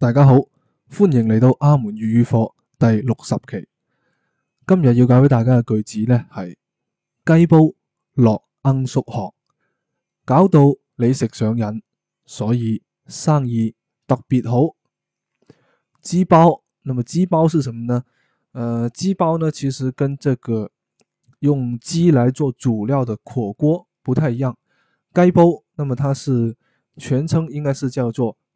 大家好，歡迎嚟到阿門粵語課第六十期。今日要教俾大家嘅句子呢，係雞煲落罌粟殼，搞到你食上癮，所以生意特別好。雞煲，那麼雞煲是什麼呢？誒、呃，雞煲呢其實跟這個用雞來做主料的火鍋不太一樣。雞煲，那麼它是全稱應該是叫做。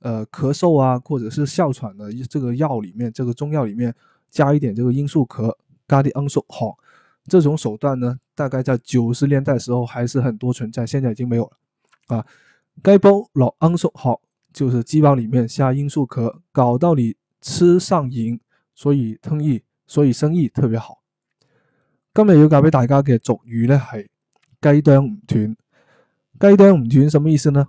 呃，咳嗽啊，或者是哮喘的這個藥裏面，這個中藥裏面加一點這個罌粟殼，咖喱罌粟殼，這種手段呢，大概在九十年代時候還是很多存在，現在已經沒有了啊。該煲老罌粟殼，就是雞煲裏面下罌粟殼，搞到你吃上癮，所以生意，所以生意特別好。今日要教俾大家嘅俗語呢係雞啄唔斷，雞啄唔斷什麼意思呢？